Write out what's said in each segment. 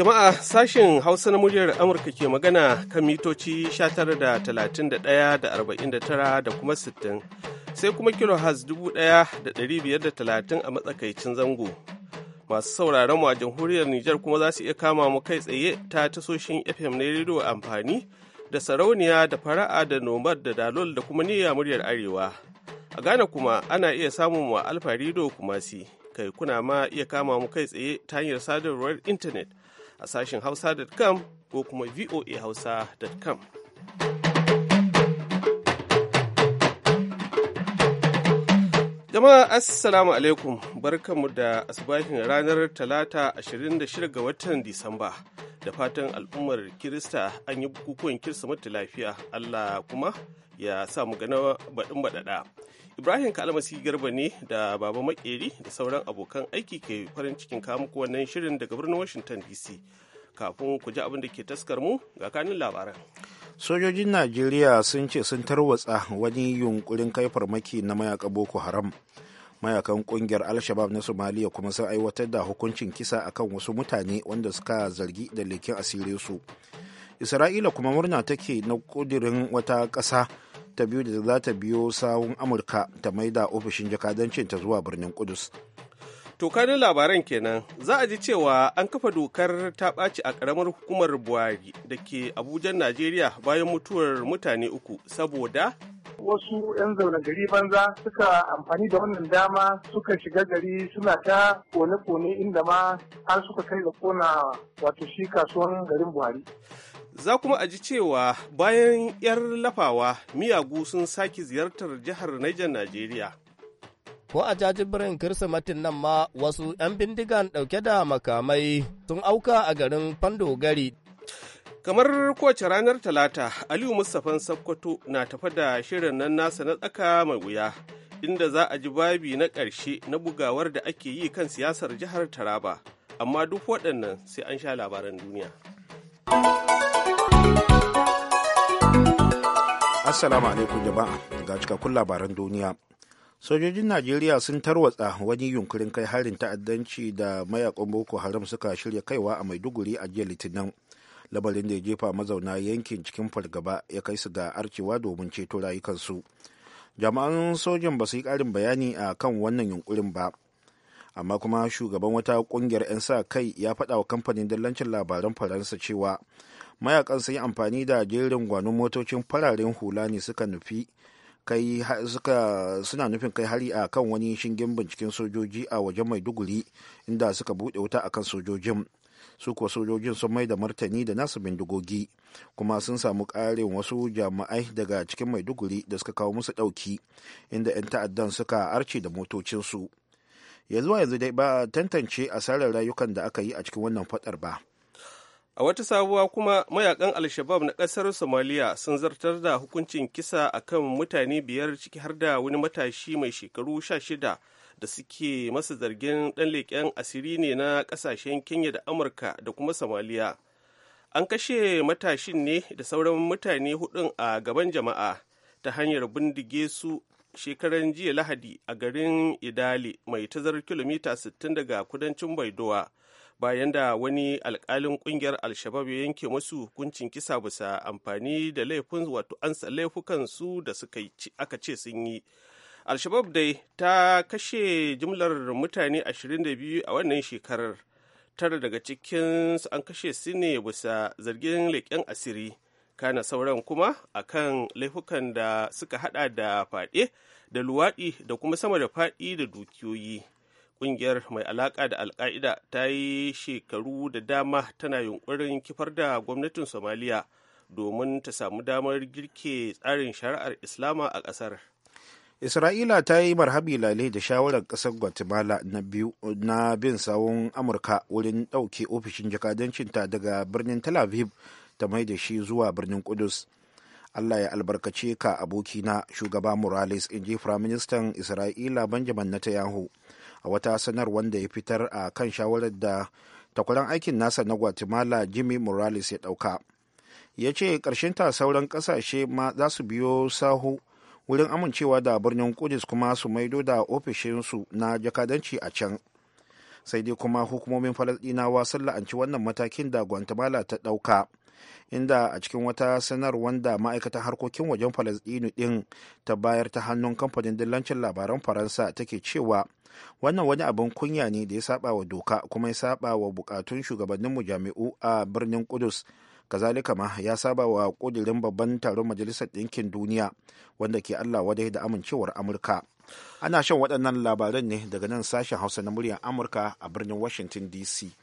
Jama'a sashen Hausa na muryar Amurka ke magana kan mitoci 19,149 da kuma 60 sai kuma kilo has 1530 a matsakaicin zango. Masu sauraron mu a jamhuriyar Nijar kuma za su iya kama mu kai tsaye ta tasoshin FM na rediyo amfani da sarauniya da fara'a da nomar da dalol da kuma niyya muryar arewa. A Ghana kuma ana iya samun wa alfa rediyo kuma si kai kuna ma iya kama mu kai tsaye ta hanyar sadarwar intanet a sashen hausa.com ko kuma voahausa.com. Jama'a Assalamu alaikum barkanmu da asubahin ranar Talata 26 ga watan Disamba da fatan al'ummar Kirista an yi bukukuwan Kirsimeti lafiya Allah kuma ya sa mu gana baɗin baɗaɗa. Ibrahim Kalmasi Garba ne da Baba Makeri da sauran abokan aiki ke farin cikin muku wannan shirin daga birnin Washington DC. Kafin ku ji abin da ke taskar mu ga kanin labaran. sojojin najeriya sun ce sun tarwatsa wani yunkurin kai farmaki na mayaka boko haram mayakan kungiyar al-shabab na somaliya kuma sun aiwatar da hukuncin kisa akan wasu mutane wanda suka zargi da leken asirin su isra'ila kuma murna take na kudirin wata kasa ta biyu da za ta biyo sawun amurka ta maida ofishin jakadancinta zuwa birnin kudus To kanin labaran kenan za a ji cewa an kafa dokar ta ɓaci a ƙaramar hukumar Buhari da ke Abuja, Najeriya bayan mutuwar mutane uku saboda wasu 'yan zaune gari banza suka amfani da wannan dama suka shiga gari suna ta kone-kone inda ma har suka kai da kona wato shi kasuwan garin Buhari. Za kuma a ji cewa bayan 'yar lafawa miyagu sun sake ziyartar jihar Niger Najeriya. ko a jajibirin kirsimatin nan ma wasu 'yan bindigan ɗauke da makamai sun auka a garin Fando gari. kamar kowace ranar talata aliyu mustapha sakkwato na tafa da shirin nan nasa na tsaka mai wuya inda za a ji babi na ƙarshe na bugawar da ake yi kan siyasar jihar taraba amma duk waɗannan sai an sha labaran duniya assalamu alaikum jama'a ga cikakkun labaran duniya sojojin najeriya sun tarwatsa wani yunkurin kai harin ta'addanci da mayakan boko haram suka shirya kaiwa a maiduguri a jiya litinin labarin da ya jefa mazauna yankin cikin fargaba ya kai su ga arcewa domin ceto rayukansu jami'an sojan ba su yi karin bayani a kan wannan yunkurin ba amma kuma shugaban wata kungiyar 'yan sa kai ya faɗa wa kamfanin dallancin labaran faransa cewa mayakan sun yi amfani da jerin gwanon motocin fararen hula ne suka nufi kai suka suna nufin kai hari a kan wani shingen binciken sojoji a wajen maiduguri inda suka buɗe wuta akan sojojin su kuwa sojojin sun mai da martani da nasu bindigogi kuma sun samu ƙarin wasu jami'ai daga cikin maiduguri da suka kawo musu ɗauki inda 'yan ta'addan suka arce da motocinsu yanzu yanzu dai ba tantance asarar rayukan da aka yi a cikin wannan faɗar ba a wata sabuwa kuma mayakan alshabab na ƙasar somaliya sun zartar da hukuncin kisa a kan mutane biyar ciki har da wani matashi mai shekaru sha shida da suke masa zargin ɗan leƙen asiri ne na ƙasashen kenya da amurka da kuma somaliya an kashe matashin ne da sauran mutane hudun a gaban jama'a ta hanyar bindige su shekaran jiya lahadi a garin idali mai tazar kilomita 60 daga kudancin baidowa bayan da wani alkalin kungiyar alshabab ya yanke masu hukuncin kisa bisa amfani da laifin wato ansa laifukan su da suka aka ce sun yi alshabab dai ta kashe jimlar mutane 22 a wannan shekarar tara daga cikin su an kashe su ne bisa zargin leƙen asiri kana sauran kuma akan laifukan da suka hada da faɗe da luwaɗi da kuma sama da faɗi da dukiyoyi kungiyar mai alaka da alka'ida ta yi shekaru da dama tana yunkurin kifar da gwamnatin somaliya domin ta samu damar girke tsarin shari'ar islama a ƙasar isra'ila ta yi marhabi lalai da shawarar ƙasar guatemala na biyu na bin sawun amurka wurin ɗauke ofishin jakadancinta daga birnin tel aviv ta mai da shi zuwa birnin kudus allah ya albarkace ka abokina shugaba morales in ji firaministan isra'ila benjamin netanyahu a wata sanarwar da ya fitar a kan shawarar da takwaran aikin nasa na guatemala jimmy morales ya dauka ya ce ta sauran ƙasashe ma za su biyo sahu wurin amincewa da birnin kudus kuma su maido da ofishinsu na jakadanci a can sai dai kuma hukumomin falasdinawa sun la'anci wannan matakin da guatemala ta dauka. inda a cikin wata sanar wanda ma'aikatan harkokin wajen falasɗinu din ta bayar ta hannun kamfanin dillancin labaran faransa take cewa wannan wani abin kunya ne da ya saba wa doka kuma ya saba wa bukatun shugabannin mu jami'u a birnin kudus kazalika ma ya saba wa kudirin babban taron majalisar ɗinkin duniya wanda ke allah wadai da amincewar amurka ana shan waɗannan labaran ne daga nan sashen hausa na muryar amurka a birnin washington dc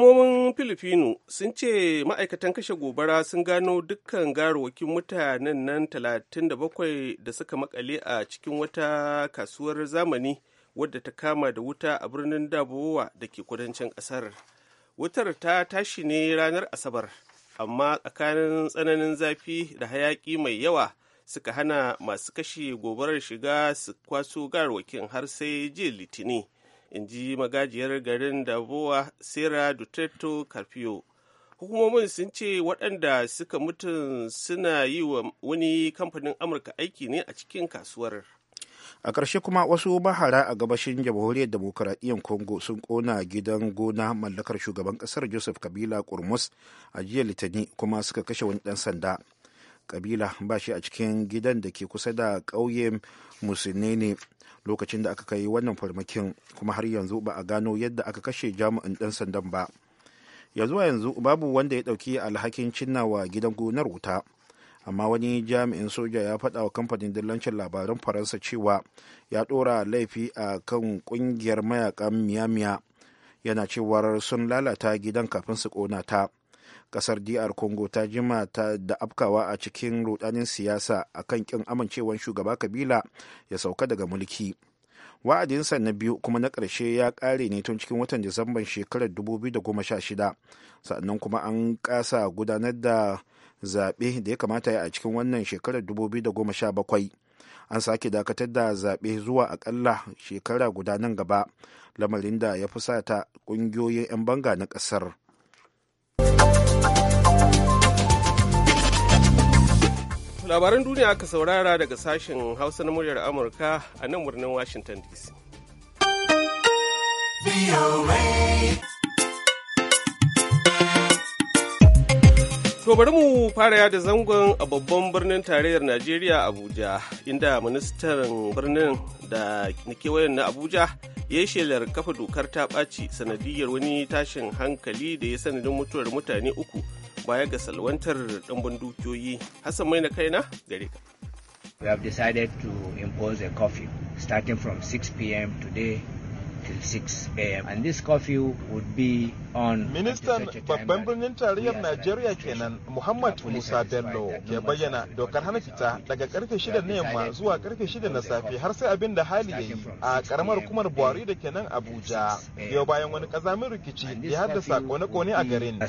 hukumomin Filifinu sun ce ma'aikatan kashe gobara sun gano dukkan garowakin mutanen nan 37 da suka makale a cikin wata kasuwar zamani wadda ta kama da wuta a birnin dabowa da ke kudancin kasar wutar ta tashi ne ranar asabar amma tsakanin tsananin zafi da hayaki mai yawa suka hana masu kashe gobarar shiga su kwaso garwakin har sai jiya litini in ji magajiyar garin da daboa sera duteto carpio hukumomin sun ce waɗanda suka mutu suna yi wa wani kamfanin amurka aiki ne a cikin kasuwar a ƙarshe kuma wasu bahara a gabashin jamhuriyar demokuraɗiyyar congo sun ƙona gidan gona mallakar shugaban ƙasar joseph kabila kurmus a jiya litani kuma suka kashe wani ɗan sanda kabila ba shi a cikin gidan da ke kusa da ƙauyen ne. lokacin da aka kai wannan farmakin kuma har yanzu ba a gano yadda aka kashe jami'in ɗan sandan ba ya zuwa yanzu babu wanda ya ɗauki alhakin cinnawa gidan gonar wuta amma wani jami'in soja ya faɗa wa kamfanin dillancin labaran faransa cewa ya ɗora laifi a kan ƙungiyar mayakan miyamiya yana cewar sun lalata gidan kafin su ƙona ta kasar dr congo ta jima ta da afkawa a cikin rudanin siyasa a kan kin amincewar shugaba kabila ya sauka daga mulki wa'adinsa na biyu kuma na ƙarshe ya kare ne tun cikin watan disamban shekarar 2016 sannan kuma an ƙasa gudanar da zaɓe da ya kamata ya a cikin wannan shekarar 2017 an sake dakatar da zaɓe zuwa aƙalla shekara guda nan gaba lamarin da ya fusata ƙungiyoyin 'yan banga na ƙasar Labaran duniya aka saurara daga sashen Hausa na muryar Amurka a nan birnin Washington DC. To bari mu fara yada zangon a babban birnin tarayyar Najeriya Abuja, inda ministan birnin da kewayen na Abuja ya yi shelar kafa dokar ta ɓaci sanadiyar wani tashin hankali da ya sanadin mutuwar mutane uku baya ga salwantar ɗanban dukiyoyi. Hassan mai na kaina gare ka. We have decided to impose a curfew starting from 6 p.m. today till 6 a.m. and this curfew would be on Ministan babban birnin tarayyar Najeriya kenan Muhammad Musa Bello ke bayyana dokar hana fita daga karfe 6 na yamma zuwa karfe 6 na safe har sai abin da hali ya yi a karamar hukumar Buhari da kenan Abuja yau bayan wani kazamin rikici ya haddasa kone-kone a garin.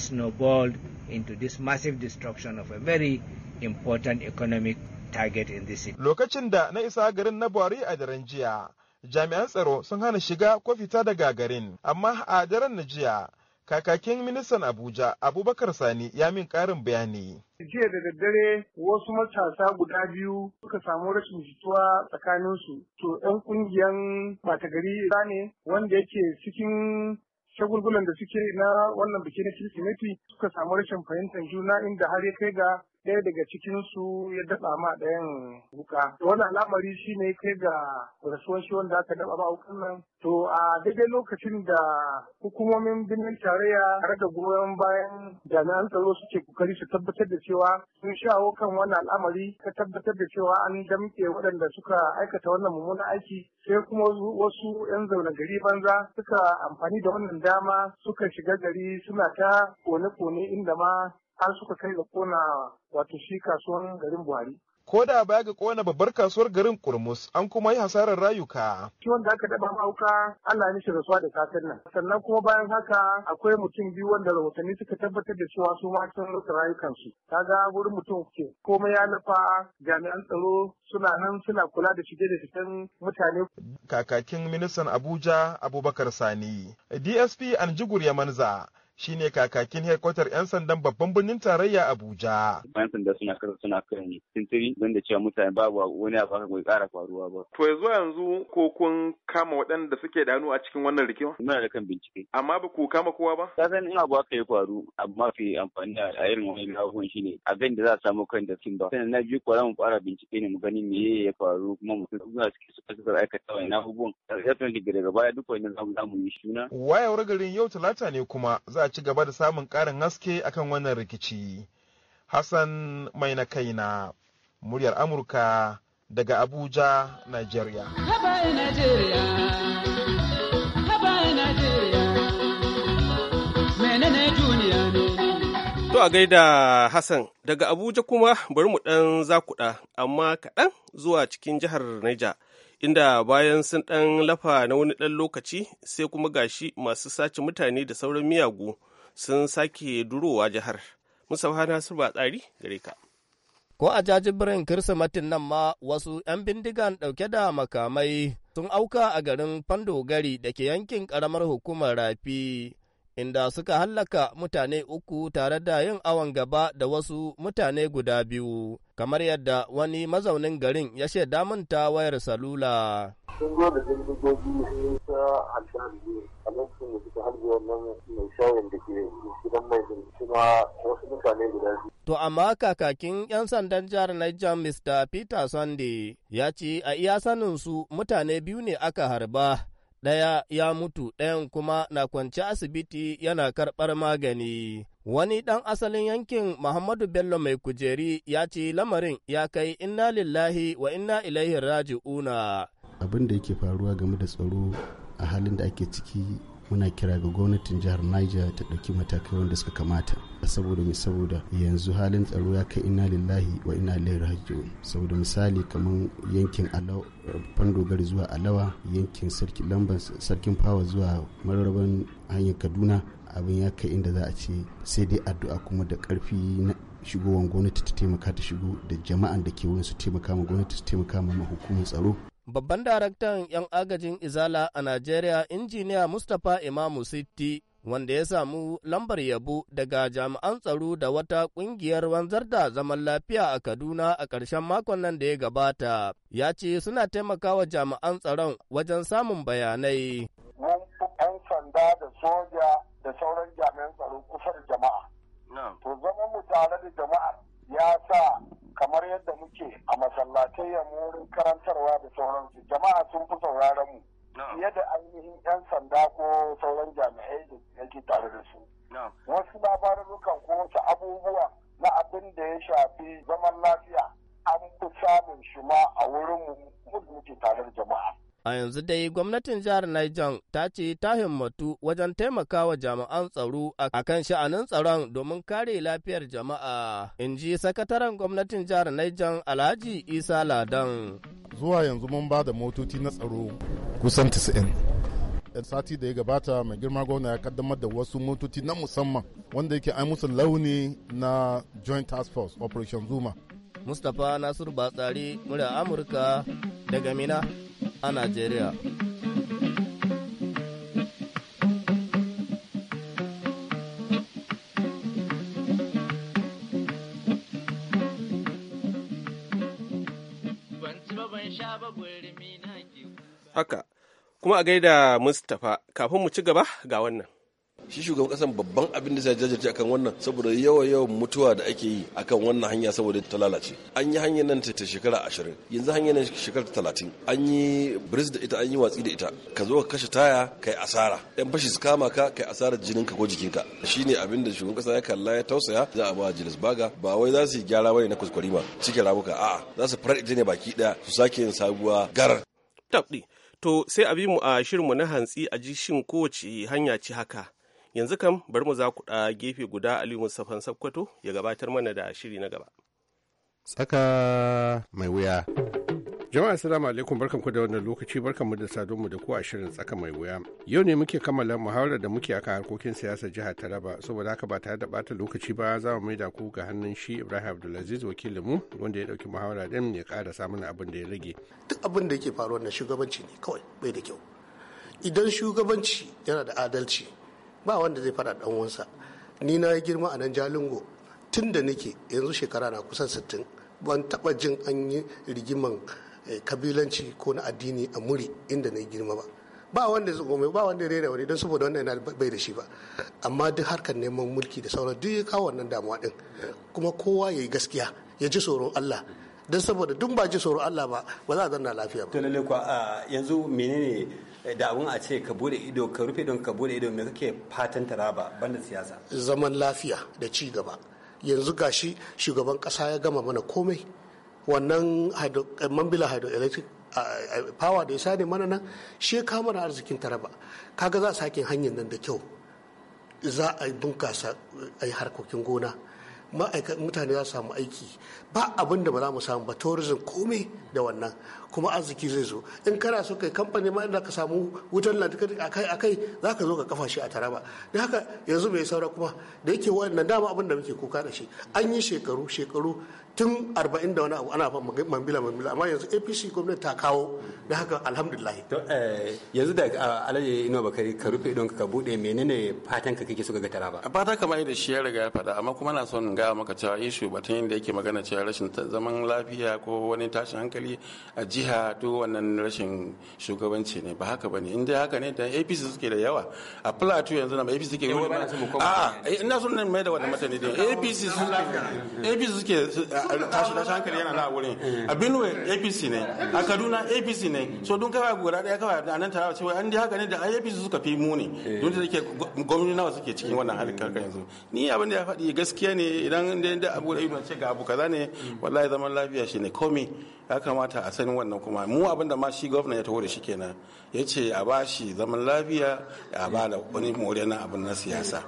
into this massive destruction of a very important economic target in this Lokacin da na isa garin na Buhari a daren jiya, jami'an tsaro sun hana shiga ko fita daga garin amma a daren na jiya kakakin ministan abuja abubakar sani ya min karin bayani jiya da daddare wasu matasa guda biyu suka samu rashin jituwa tsakaninsu to 'yan kungiyan matagari ne wanda yake cikin shagulgulan da suke na wannan biki na kirsimeti suka samu rashin fahimtar juna inda har ya kai ga ɗaya daga cikin su ya daɓa ma ɗayan wuka wani al'amari shi ne kai ga rasuwar shi wanda aka daɓa ma wukan nan to a daidai lokacin da hukumomin birnin tarayya tare da goyon bayan jami'an tsaro suke kokari su tabbatar da cewa sun shawo kan wannan al'amari ka tabbatar da cewa an damƙe waɗanda suka aikata wannan mummunan aiki sai kuma wasu 'yan zaune gari banza suka amfani da wannan dama suka shiga gari suna ta kone-kone inda ma har suka kai da kona wato shi kasuwar garin Buhari. Ko da baya ga kona babbar kasuwar garin Kurmus an kuma yi hasarar rayuka. Ciwon da aka daba mauka Allah ne shi rasuwa da katan nan. Sannan kuma bayan haka akwai mutum biyu wanda rahotanni suka tabbatar da cewa su ma sun rasa rayukansu. ga wurin mutum ke komai ya nufa jami'an tsaro suna nan suna kula da shige da fitan mutane. Kakakin ministan Abuja Abubakar Sani. DSP Anjigur manza. shine kakakin headquarter 'yan sandan babban birnin tarayya Abuja. 'Yan sanda suna kasa suna kan sintiri don da cewa mutane babu wani abu haka bai ƙara faruwa ba. To yanzu yanzu ko kun kama waɗanda suke da hannu a cikin wannan rikima? Muna da kan bincike. Amma ba ku kama kowa ba? Ka san in abu haka ya faru amma fi amfani a irin wani abubuwan shine a gan da za a samu kan da sun ba. Sannan na biyu kuwa mu fara bincike ne mu gani me ya faru kuma mutum suna suke suka suka aikata wani abubuwan. Ya tsanci daga baya duk wani za mu yi shuna. Wayar garin yau talata ne kuma za a ci gaba da samun ƙarin haske akan wannan rikici. Hassan mai na kaina, muryar Amurka daga Abuja, Nigeria. To a gaida Hassan daga Abuja kuma bari mu ɗan zakuɗa amma kaɗan zuwa cikin jihar Niger. inda bayan sun ɗan lafa na wani ɗan lokaci sai kuma gashi masu sace mutane da sauran miyagu sun sake durowa jihar. Mustapha Nasir ba tsari gare ka. Ko a jajibirin Kirsimatin nan ma wasu 'yan bindigan ɗauke da makamai sun auka a garin Fando gari da ke yankin ƙaramar hukumar Rafi inda suka hallaka mutane uku tare da yin awon gaba da wasu mutane guda biyu, kamar yadda wani mazaunin garin ya shaida min ta wayar salula. To amma kakakin 'yan sandan jihar Niger Mr. Peter Sunday ya ce a iya saninsu mutane biyu ne aka harba. ɗaya ya mutu ɗayan kuma na kwance asibiti yana karɓar magani. Wani ɗan asalin yankin Muhammadu Bello mai kujeri ya ce lamarin ya kai inna lillahi wa inna ilaihi raji'una. Abin da yake faruwa game da tsaro a halin da ake ciki muna kira ga gwamnatin jihar niger ta ɗauki matakai wanda suka kamata saboda mai saboda yanzu halin tsaro ya kai ina lillahi wa ina ilaihi raji'un saboda misali kamar yankin dogara zuwa alawa yankin sarkin fawa zuwa mararraban hanyar kaduna abin ya kai inda za a ce sai dai addu'a kuma da karfi na shigowar gwamnati ta taimaka ta shigo da jama'an da ke wurin su taimaka ma gwamnati su taimaka ma hukumar tsaro Babban daraktan 'yan agajin Izala a Najeriya, injiniya Mustapha Imamu Sitti, wanda ya samu lambar yabo daga jami'an tsaro da wata ƙungiyar wanzar da zaman lafiya a Kaduna a ƙarshen makon nan da ya gabata, ya ce suna taimakawa jami'an tsaron wajen samun bayanai. Mun sanda da soja da sauran jami'an tsaro kusa jama'a. To zama mu tare da jama'a ya sa kamar yadda muke a masallatai ya wurin karantarwa da sauransu jama'a sun fi sauraron mu fiye da ainihin 'yan sanda ko sauran jami'ai da yake tare da su wasu labarukan ko wasu abubuwa na abin da ya shafi zaman lafiya an fi samun shi ma a wurin mu muke tare da jama'a A yanzu dai gwamnatin jihar Niger ta ce ta himmatu wajen taimakawa jami'an tsaro a kan sha'anin tsaron domin kare lafiyar jama'a, in ji sakataren gwamnatin jihar Niger Alhaji Isa Ladan. Zuwa yanzu mun ba da motoci na tsaro kusan 90. sati da ya gabata mai girma gwamna ya kaddamar da wasu motoci na musamman wanda yake ai musu launi na joint task force operation zuma mustapha nasiru batsari murya amurka daga mina a Najeriya. Haka, kuma a gaida Mustapha, kafin mu ci gaba ga wannan. shi shugaban kasan babban abin da zai jajirce akan wannan saboda yawa yawan mutuwa da ake yi akan wannan hanya saboda ta lalace an yi hanyar nan ta shekara ashirin yanzu hanyar nan shekara talatin an yi bris da ita an yi watsi da ita ka zo ka kashe taya kai asara yan fashi su kama ka kai asarar jininka ko jikin ka. jikinka shine abin da shugaban kasa ya kalla ya tausaya za a ba jilis baga ba wai za su yi gyara bane na kuskure ba cikin ramuka a'a za su farar ita ne baki daya su sake yin sabuwa garar to sai a bi mu a shirinmu na hantsi a ji shin kowace hanya ce haka yanzu kam bari mu za ku ɗa gefe guda aliyu mustapha sakkwato ya gabatar mana da shiri na gaba tsaka mai wuya jama'a assalamu alaikum barkanku da wannan lokaci barkan mu da mu da ku a shirin tsaka mai wuya yau ne muke kammala muhawarar da muke aka harkokin siyasar jihar taraba saboda haka ba tare da bata lokaci ba za mu maida ku ga hannun shi ibrahim abdulaziz wakilinmu wanda ya dauki muhawara din ya ƙara samun abin da ya rage duk abin da yake faruwa na shugabanci ne kawai bai da kyau idan shugabanci yana da adalci ba wanda zai fara ɗan wansa ni na yi girma a nan jalingo tun da nake yanzu shekara na kusan sittin ban taba jin an yi rigiman eh, kabilanci ko na addini a muri inda na yi girma ba ba wanda zai gome ba wanda ya rera wani don saboda wannan yana bai da shi ba amma duk harkar neman mulki da sauran duk ya kawo wannan damuwa din kuma kowa ya yi gaskiya ya ji tsoron Allah don saboda duk ba ji tsoron Allah ba ba za a zanna lafiya ba Tunanin kuwa kuwa yanzu menene eh, da abin a ce ka bude ido ka rufe don ka bude ido me kake fatan taraba banda siyasa zaman lafiya da ci gaba yanzu gashi shugaban kasa ya gama mana komai wannan eh, mambila hydroelectric power da ya sa sani mana nan shi ya kama arzikin taraba kaga za a sake hanyar nan da kyau za a bunkasa a yi eh, harkokin gona mutane za su samu aiki ba abin da ba za mu samu ba tourism komai da wannan kuma arziki zai zo in kana so kai kamfani ma inda ka samu wutar lantarki akai akai za ka zo ka kafa shi a taraba da haka yanzu bai saura kuma da yake wannan dama abin da muke kuka da shi an yi shekaru shekaru tun arba'in da wani abu ana mambila mambila amma yanzu apc gwamnati ta kawo da haka to eh, yanzu da ah, alaye ino bakari ka rufe don ka bude menene fatan ka kake so ga taraba fata kamar da shi ya riga ya faɗa amma kuma na son gaya maka cewa ishu batun yadda yake magana cewa rashin zaman lafiya ko wani tashin hankali a jiha to wannan rashin shugabanci ne ba haka bane in haka ne dan APC suke da yawa a plateau yanzu na APC suke gudu a ina so mai da wannan mutane da APC suke APC suke eh, tashi hankali yana na wurin eh. a Benue APC ne a Kaduna APC ne so don kawai gura daya kawai a nan tarawa cewa an dai haka ne da APC suka fi mu ne eh. don da take gwamnati nawa suke cikin wannan halin karkar yanzu ni abin da ya faɗi gaskiya ne idan da abu da ce ga abu kaza ne wallahi zaman lafiya shi ne komi ya kamata a sani wannan kuma mu abinda ma shi gwamna ya taho da shi kenan ya ce a ba shi zaman lafiya a ba da wani morena abin na siyasa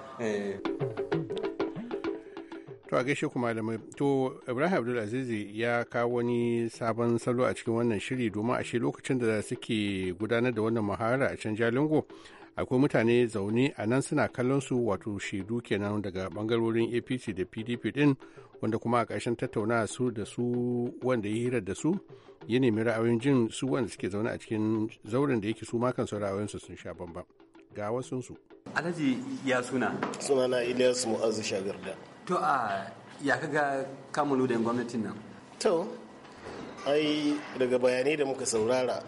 to a gaishe kuma da to ibrahim abdulaziz ya kawo wani sabon salo a cikin wannan shiri domin a shi lokacin da suke gudanar da wannan muhara a can jalingo akwai mutane zaune a nan suna kallon su wato shaidu kenan daga bangarorin apc da pdp din wanda kuma a ƙarshen tattauna su da su wanda ya hirar da su ya nemi ra'ayoyin jin su wanda suke zaune a cikin zauren da yake su ma kansu ra'ayoyinsu sun sha bambam ga wasu su alhaji ya suna suna na ilyas mu'azzu shagarda. to a ya kaga kamun da gwamnatin nan to ai daga bayanai da muka saurara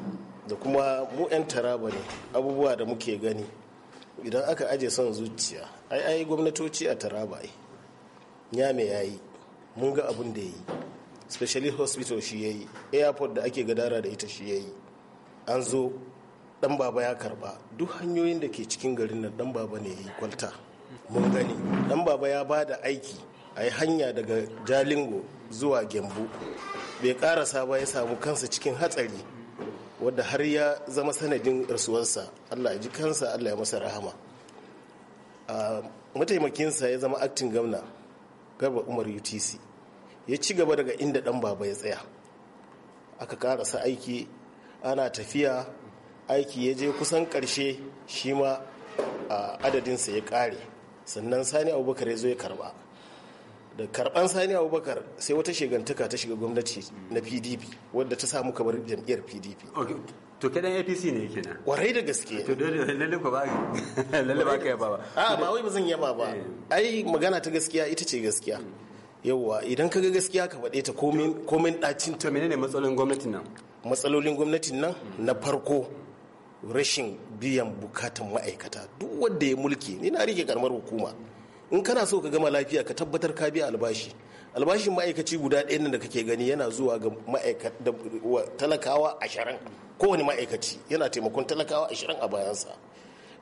da kuma mu 'yan taraba ne abubuwa da muke gani idan aka aje son zuciya ai ai gwamnatoci a taraba ai ya me yayi mun ga abin da ya yi specialist hospital shi ya yi airport da ake gadara da ita shi ya yi an zo dan baba ya karba duk hanyoyin da ke cikin garin nan dan baba ne ya yi kwalta mun gani dan baba ya ba da aiki a yi hanya daga jalingo zuwa gembu bai karasa ba ya samu kansa cikin hatsari wadda har ya zama sanadin rasuwarsa allah ya ji kansa allah ya masa rahama ah, mataimakinsa ya zama aktin gamna garba umar utc ya ci gaba daga inda dan baba ya tsaya aka karasa aiki ana tafiya aiki ya je kusan karshe shi ma adadinsa ya kare sannan sani abubakar ya zo ya karba da karban sani abubakar sai wata shigantaka ta shiga gwamnati na pdp wadda ta samu kamar jam'iyyar pdp to kadan apc ne yake na kwarai da gaske to dole ba lalle ba ka yaba ba a ba wai ba zan yaba ba eh. ai magana ta gaskiya ita ce gaskiya yawwa idan ka ga gaskiya ka faɗe ta komin ɗacin ta menene matsalolin gwamnatin nan matsalolin gwamnatin nan na farko rashin biyan bukatan ma'aikata duk wanda ya mulki ni na rike karamar hukuma in kana so ka gama lafiya ka tabbatar ka biya albashi albashin ma'aikaci guda ɗaya nan da kake gani yana zuwa ga talakawa ashirin kowane ma'aikaci yana taimakon talakawa ashirin a bayansa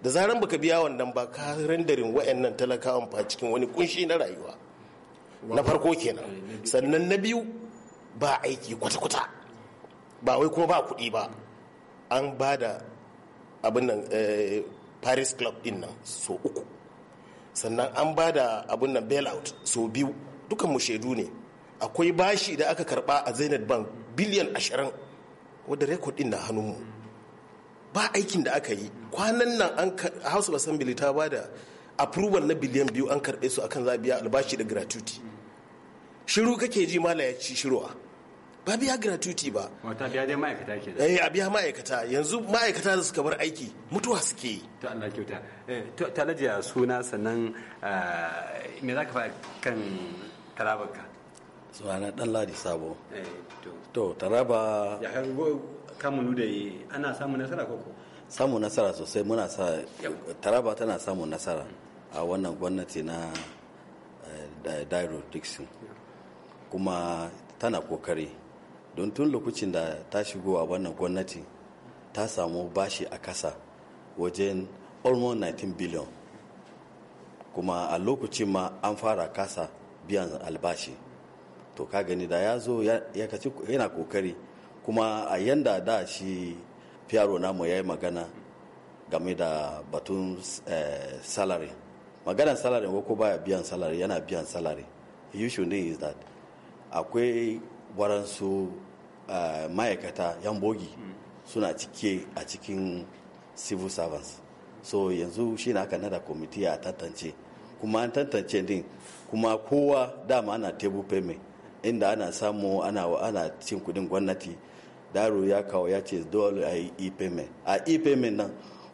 da zaran baka biya wannan ba ka rindarin wa'annan talakawan fa cikin wani kunshi na rayuwa na farko kenan sannan na biyu ba aiki kwata-kwata ba wai kuma ba kuɗi ba an ba da abin eh, paris club din nan so uku sannan an ba da abin nan bailout so biyu dukan mu shaidu ne akwai bashi da aka karba a zainab bank biliyan ashirin wadda rekod din na hannunmu ba aikin da aka yi kwanan nan an house assembly ta ba da approval na biliyan biyu an karɓe su akan zabiya albashi da gratuity shiru kake ji mala ya ci shiruwa ba biya gratuity ba wata biya dai ma'aikata ke da eh a biya ma'aikata yanzu ma'aikata da suka bar aiki mutuwa suke yi to Allah kyauta eh, to talajiya suna sannan eh, me zaka fa kan tarabarka suna dan ladi sabo eh, to taraba ya kamunu da ana samun nasara koko samun nasara sosai muna sa taraba tana samun nasara a wannan gwamnati na eh, dairo dixon kuma tana kokari don tun lokacin da ta shigo a wannan gwamnati ta samu bashi a kasa wajen almost 19 billion kuma a lokacin ma an fara kasa biyan albashi to ka gani da ya zo yana kokari kuma a yanda da shi fiyaro namu ya yi magana game da batun eh, salari maganan salari ko baya biyan salari yana biyan salari issue ne is that akwai waransu uh, eh, ma'aikata yan bogi hmm. suna cike a cikin civil servants so yanzu shi na aka nada kwamiti a tantance kuma an tantance din kuma kowa dama ana table payment inda ana samu ana ana cin kudin gwamnati daro ya kawo ya ce dole a yi e-payment a e-payment nan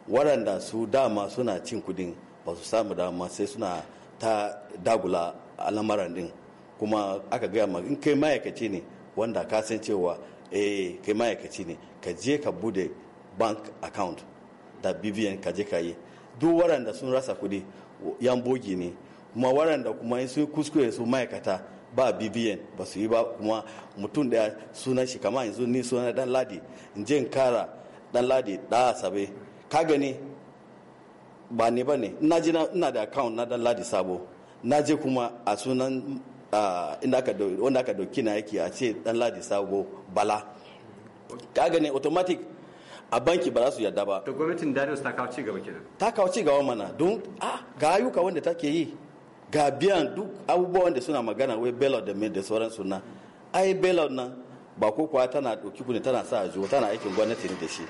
waɗanda su dama suna cin kudin ba su samu dama sai suna ta dagula al'amuran din kuma aka gaya ma in kai ma'aikaci ne wanda ka san cewa eh kai ma'aikaci ne ka je ka bude bank account da bbn ka je ka yi duk waɗanda sun rasa kuɗi yan bogi ne kuma waɗanda kuma in sun kuskure su ma'aikata ba bbn ba su yi ba kuma mutum ɗaya sunan shi kama yanzu ni sunan dan ladi in je in kara dan ladi da sabe ka gani ba ne ba ne na je na da account na dan ladi sabo na je kuma a sunan inda aka wanda aka dauki na yake a ce dan ladi sabo bala ka gane automatic a banki ba za su yarda ba to gwamnatin Darius ta kawo cigaba kenan ta kawo cigaba mana don a ga ayyuka wanda take yi ga biyan duk abubuwan da suna magana wai bailout da mai da sauransu na ai bailout na ba ko kuwa tana ɗauki kuɗi tana sa a tana aikin gwamnati ne da shi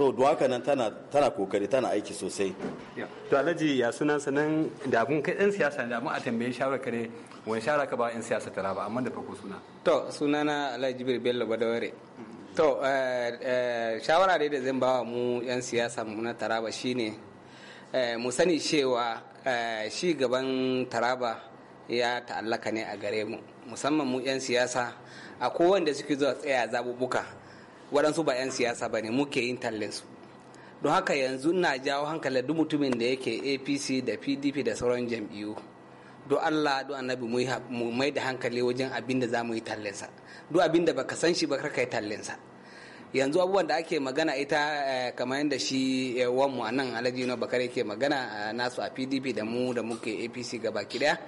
so duwaka nan tana tana kokari tana aiki sosai to alhaji ya sunan sanan da abun kai dan siyasa da abun a tambaye shawara kare wani shawara ka ba in siyasa tara ba amma da farko suna to sunana alhaji bello badawari to eh, eh, shawara dai da zan ba mu yan siyasa mu na taraba shine eh, mu sani cewa shi gaban taraba ya ta'allaka ne a gare mu musamman mu 'yan siyasa a kowanda suke zuwa tsaya zabubuka waɗansu ba 'yan siyasa ba ne muke yin tallinsu don haka yanzu na jawo hankalin duk mutumin da yake apc da pdp da sauran jam'iyyu do allah do annabi mu mai da hankali wajen abin da za mu yi tallinsa do abin da baka san shi ba kai tallinsa yanzu abubuwan da ake magana ita eh, kamar yadda shi eh, wanmu a nan alhaji na bakare ke magana eh, nasu a pdp da mu da muke apc gaba ki daya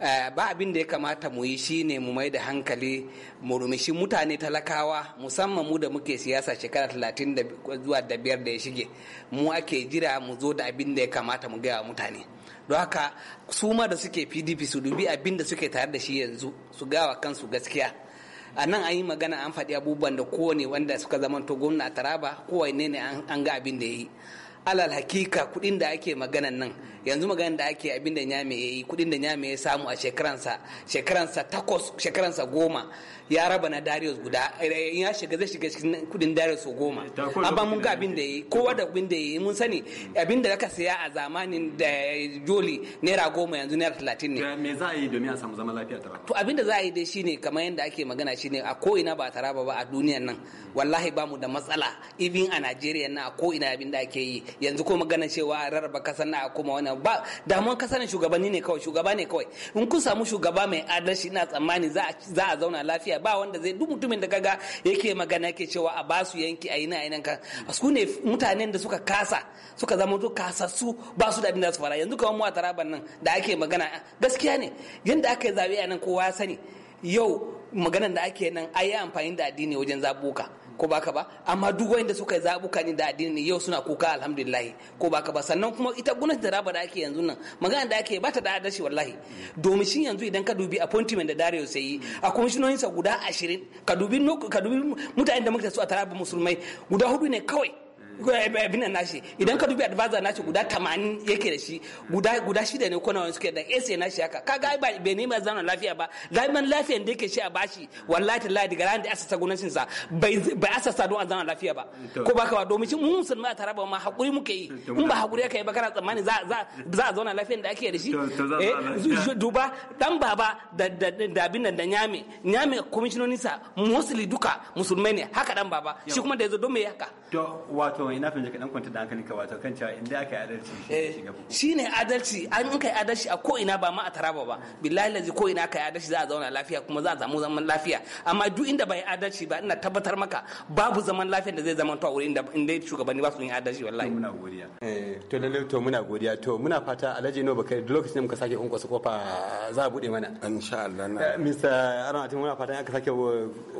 Eh, ba abin da ya kamata mu yi shi ne mu mai da hankali mu rumishi mutane talakawa musamman mu da muke siyasa shekara talatin zuwa da biyar da ya shige mu ake jira mu zo da abin da ya kamata mu gaya mutane don haka su ma da suke pdp su dubi abin da suke tare da shi yanzu su gawa kansu gaskiya a nan an yi magana an faɗi abubuwan da kowane wanda suka zamanto gwamna a taraba kowane ne an ga abin da ya yi alal hakika kudin da ake maganan nan yanzu maganan da ake abin da nyame ya yi kudin da nyame ya samu a shekaransa shekaransa takwas shekaransa goma ya raba na darius guda eh, ya shiga zai shiga cikin kudin darius goma amma mun ga abin da ya yi kowa da abin da ya yi mun sani abin da aka saya a zamanin da joli naira goma yanzu naira talatin ne me za a yi domin a samu zaman lafiya tara to abin da za a yi dai shine kamar yadda ake magana shine a ko ina ba taraba ba a duniyan nan wallahi ba mu da matsala ibin a najeriya na a ko ina abin da ake yi yanzu ko magana cewa a rarraba kasar na a kuma wani ba damuwan kasar ne shugabanni ne kawai shugaba ne kawai in kun samu shugaba mai adalci ina tsammani za a zauna lafiya ba wanda zai duk mutumin da kaga yake magana yake cewa a basu yanki a yi na ainihin kan su ne mutanen da suka kasa suka zama to su ba su da abin da su fara yanzu kamar mu a taraban nan da ake magana gaskiya ne yadda aka yi zabe a nan kowa ya sani yau maganan da ake nan ai yi amfani da addini wajen zabuka ko baka ba amma duk wanda suka yi zabuka ne da addini yau suna kuka alhamdulillah ko baka ba sannan kuma ita gunar da raba da ake yanzu nan maganan da ake bata da adashi wallahi domin shin yanzu idan ka dubi appointment da Dario sai yi a sa guda ashirin ka dubi ka dubi mutanen da muke su a taraba musulmai guda hudu ne kawai abin nashi idan ka dubi advisor nashi guda tamanin yake da shi guda guda shida ne kona wani suke da ese nashi haka kaga ba bai nema zama lafiya ba zaman lafiyan da yake shi a bashi wallahi tallahi daga ran da asasa gwamnatin sa bai asasa don a zama lafiya ba ko baka ba domin mu musulmi a taraba ma hakuri muke yi in ba hakuri aka yi ba kana tsammani za za za a zauna lafiyan da ake da shi eh duba dan baba da da abin nan da nyame nyame kwamishinoninsa mostly duka musulmai ne haka dan baba shi kuma da yazo don me haka to wato kawai na fahimci ka dan kwanta da hankali ka wato kan cewa inda aka adalci shi ne eh, adalci an in adalci a ko ina ba ma a taraba ba billahi lazi ko ina yi adalci za a zauna lafiya kuma za a zamu zaman lafiya amma duk inda yi adalci ba ina tabbatar maka babu zaman lafiya da zai zama to a wuri inda inda shugabanni ba su yin adalci wallahi muna godiya eh, to lalle to muna godiya to muna fata alhaji no baka duk lokacin da muka sake kunkwasa kofa za a bude mana insha Allah na eh, Mr. Aranati muna fatan aka sake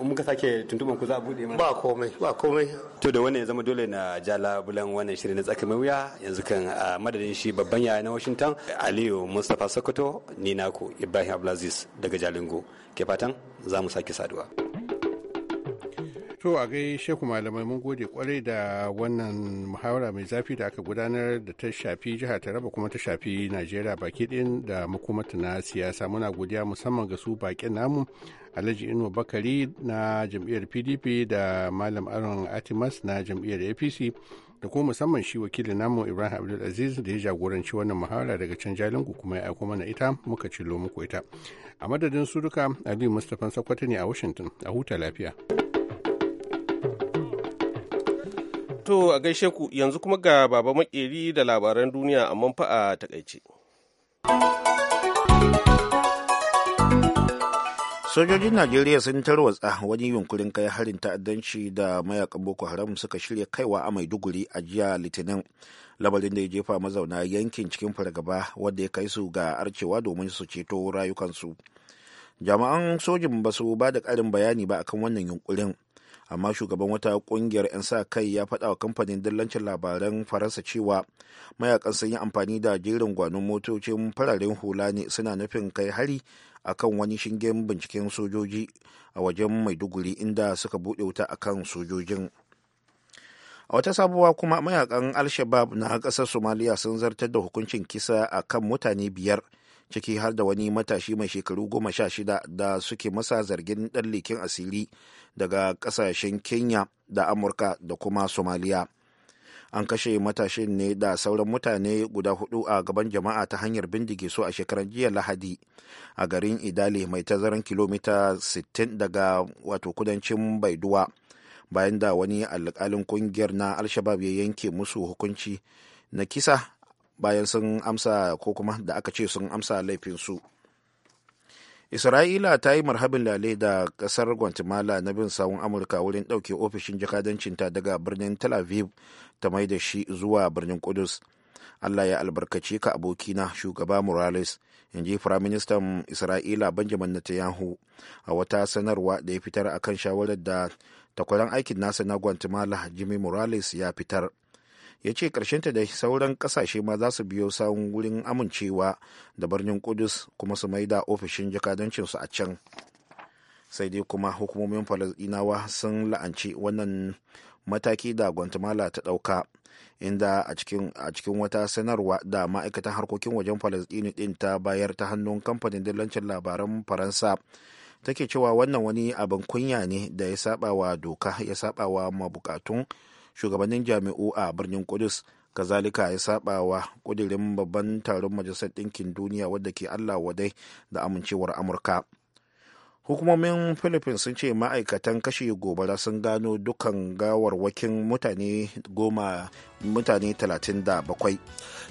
muka sake tuntuban ku za a bude mana ba komai ba komai to da wannan ya zama dole na jala bulan wannan shirin na tsaka mai wuya yanzu kan a madadin shi babban yaya na Washington Aliyu Mustapha Sokoto ni naku Ibrahim Abdulaziz daga Jalingo ke fatan za mu sake saduwa. To a gaishe ku malamai mun gode kwarai da wannan muhawara mai zafi da aka gudanar da ta shafi jiha Taraba kuma ta shafi Najeriya baki din da makomata na siyasa muna godiya musamman ga su bakin namu alhaji inuwa bakari na jam'iyyar pdp da malam aron atimas na jam'iyyar apc da kuma musamman shi wakilin namu ibrahim abdulaziz da ya jagoranci wannan muhawara daga can jalingu kuma ya aiko mana ita muka cilo muku ita a madadin su duka aliyu mustapha sakwata ne a washington a huta lafiya to a gaishe ku yanzu kuma ga baba makeri da labaran duniya amma fa a takaice. sojojin najeriya sun tarwatsa wani yunkurin kai harin ta'addanci da mayakan boko haram suka shirya kaiwa a maiduguri a jiya litinin lamarin da ya jefa mazauna yankin cikin fargaba wadda ya kai su ga arcewa domin su ceto rayukansu jama'an sojin ba su ba da ƙarin bayani ba akan wannan yunkurin amma shugaban wata kungiyar 'yan sa kai ya faɗa wa kamfanin dillancin labaran faransa cewa mayakan sun yi amfani da jerin gwanon motocin fararen hula ne suna nufin kai hari a kan wani shingen binciken sojoji a wajen maiduguri inda suka buɗe wuta a kan sojojin a wata sabuwa kuma mayakan al-shabab na ƙasar somaliya sun zartar da hukuncin kisa a kan mutane biyar ciki har da wani matashi mai shekaru goma sha shida da suke masa zargin ɗan likin asiri daga ƙasashen kenya da amurka da kuma somaliya an kashe matashin ne da sauran mutane guda hudu a gaban jama'a ta hanyar bindige su a shekarar jiya lahadi a garin idali mai tazaran kilomita 60 daga wato kudancin baiduwa bayan da wani alƙalin ƙungiyar na alshabab ya yanke musu hukunci na kisa bayan sun amsa ko kuma da aka ce sun amsa laifin su isra'ila ta yi marhabin lale da kasar guatemala na bin sawun amurka wurin ɗauke ofishin jakadancinta daga birnin tel aviv ta mai da shi zuwa birnin kudus allah ya albarkaci ka abokina shugaba morales in ji firaministan isra'ila benjamin netanyahu a wata sanarwa da ya fitar a kan shawarar da takwaran aikin nasa na guatemala jimmy morales ya fitar ya ce ta da sauran ƙasashe ma za su biyo sawun wurin amincewa da birnin kudus kuma su maida ofishin jakadancinsu a can sai dai kuma hukumomin falasɗinawa sun la'anci wannan mataki da guatemala ta ɗauka inda a cikin wata sanarwa da ma'aikatan harkokin wajen falasɗinu ɗin ta bayar ta hannun kamfanin dillancin labaran faransa take cewa wannan wani abin kunya ne da ya saba wa doka ya saba wa mabukatun shugabannin jami'u a birnin kudus kazalika ya saba wa kudirin babban taron majalisar ɗinkin duniya wadda ke allah wadai da amincewar amurka hukumomin philippines sun ce ma'aikatan kashe gobara sun gano dukkan gawarwakin mutane goma mutane 37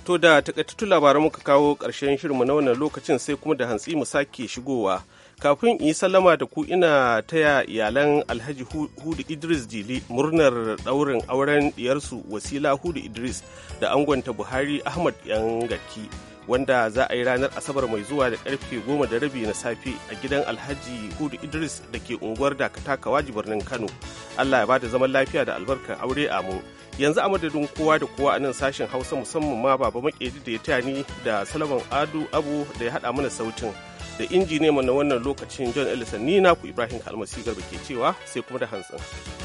to da takaitattun labaran muka kawo ƙarshen shirinmu na wannan lokacin sai kuma da hantsi mu sake shigowa kafin yi sallama da ku ina taya iyalan alhaji hudu idris jili murnar daurin auren diyarsu wasila hudu idris da angonta buhari ahmad yan gaki wanda za a yi ranar asabar mai zuwa da karfe goma da rabi na safe a gidan alhaji hudu idris da ke unguwar dakata waji birnin kano allah ya bada zaman lafiya da albarkar aure a mu yanzu a madadin kowa da kowa a nan sashen hausa musamman ma baba makeri da ya taya ni da salaman adu abu da ya haɗa mana sautin da injiniyan na wannan lokacin john ellison ni naku ibrahim kalmasi garba ke cewa sai kuma da hantsin.